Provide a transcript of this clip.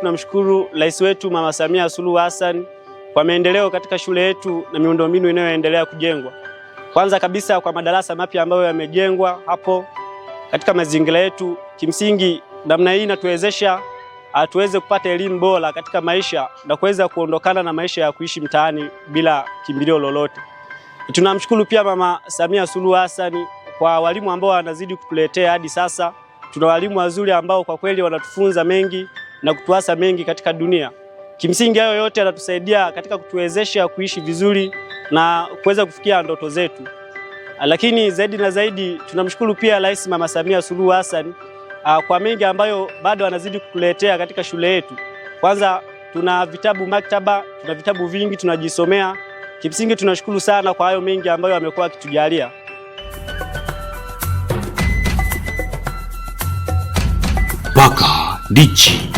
tunamshukuru rais wetu Mama Samia Suluhu Hassan kwa maendeleo katika shule yetu na miundombinu inayoendelea kujengwa. Kwanza kabisa kwa madarasa mapya ambayo yamejengwa hapo katika mazingira yetu, kimsingi namna hii inatuwezesha ah, tuweze kupata elimu bora katika maisha na kuweza kuondokana na maisha ya kuishi mtaani bila kimbilio lolote. Tunamshukuru pia Mama Samia Suluhu Hassan kwa walimu ambao wanazidi kutuletea hadi sasa. Tuna walimu wazuri ambao kwa kweli wanatufunza mengi na kutuasa mengi katika dunia. Kimsingi hayo yote yanatusaidia katika kutuwezesha kuishi vizuri na kuweza kufikia ndoto zetu. Lakini zaidi na zaidi tunamshukuru pia Rais Mama Samia Suluhu Hassan ah, kwa mengi ambayo bado anazidi kutuletea katika shule yetu. Kwanza tuna vitabu maktaba, tuna vitabu vingi tunajisomea. Kimsingi tunashukuru sana kwa hayo mengi ambayo amekuwa akitujalia. Mpaka Ndichi